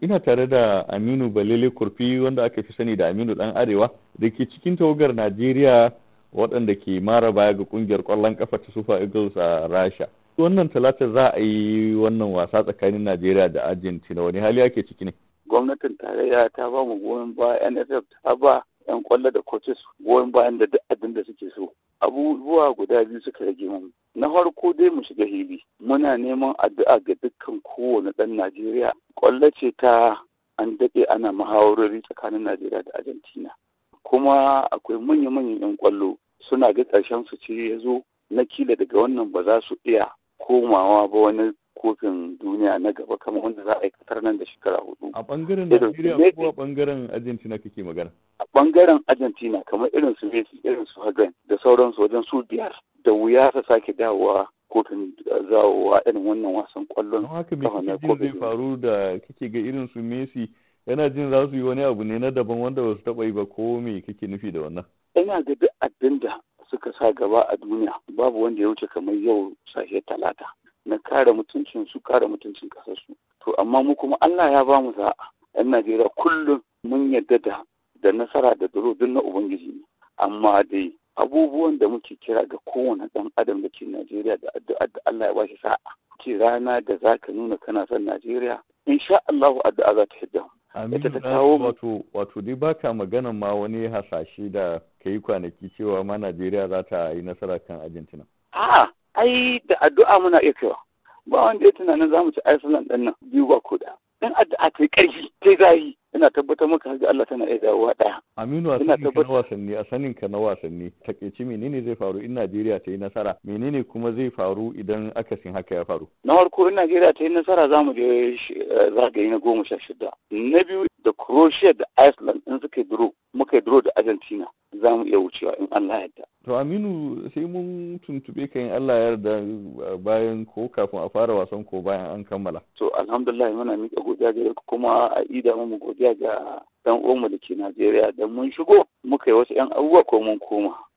ina tare da aminu balele kurfi wanda aka fi sani da aminu dan arewa da ke cikin tawagar najeriya waɗanda ke mara baya ga kungiyar kwallon kafa ta super eagles a rasha wannan talata za a yi wannan wasa tsakanin najeriya da argentina wani hali ake ciki ne gwamnatin tarayya ta ba mu goyon baya nff ta ba yan kwallo da coaches goyon bayan da duk abin da suke so abubuwa guda biyu suka rage mu na farko dai mu shiga hili muna neman addu'a ga dukkan kowane dan najeriya ƙwallo ce ta an daɗe ana muhawarori tsakanin Najeriya da Argentina. Kuma akwai manya-manyan 'yan ƙwallo suna ga ƙarshen su ce ya zo na kila daga wannan ba za su iya komawa ba wani kofin duniya na gaba kamar wanda za a yi kasar nan da shekara hudu. A ɓangaren Najeriya ko a ɓangaren Argentina kake magana? A ɓangaren Argentina kamar irin su Messi, irin su Hagan da sauransu wajen su biyar da wuya su sake dawowa kotun zawowa irin wannan wasan kwallon kafa na kofin zai faru da kake ga irin su Messi yana jin za su yi wani abu ne na daban wanda ba su taba yi ba ko me kake nufi da wannan ina ga duk abin da suka sa gaba a duniya babu wanda ya wuce kamar yau sashe talata na kare mutuncin su kare mutuncin kasar to amma mu kuma Allah ya ba mu sa'a yan Najeriya kullum mun yarda da da nasara da duro duk na ubangiji ne amma dai abubuwan da muke kira ga kowane ɗan adam da ke Najeriya da addu'a da Allah ya bashi sa'a ce rana da za ka nuna kana son Najeriya insha Allah addu'a za ta hidda Aminu ta kawo wato wato dai baka maganan ma wani hasashe da kai kwanaki cewa ma Najeriya za ta yi nasara kan Argentina 'a ai da addu'a muna iya kaiwa ba wanda ya tunanin za mu ci Iceland ɗan nan biyu ba ko da dan addu'a ta ƙarfi ta yi ina tabbatar maka hajji Allah tana iya dawowa ɗaya. Aminu a sanin na wasanni a sanin ka na wasanni takaici menene zai faru in Najeriya ta yi nasara menene kuma zai faru idan akasin haka ya faru. Na farko in Najeriya ta yi nasara za mu je eh, zagaye na goma sha shida. Na biyu da Croatia da Iceland in suka yi duro muka yi duro da Argentina za mu iya wucewa in Allah yarda. To Aminu sai mun tuntube ka in Allah yarda bayan ko kafin a fara wasan ko bayan an kammala. To alhamdulillah muna miƙa godiya ga ku kuma a ida mu godiya ga dan uwanmu da ke Najeriya da mun shigo muka yi wasu 'yan abubuwa ko mun koma.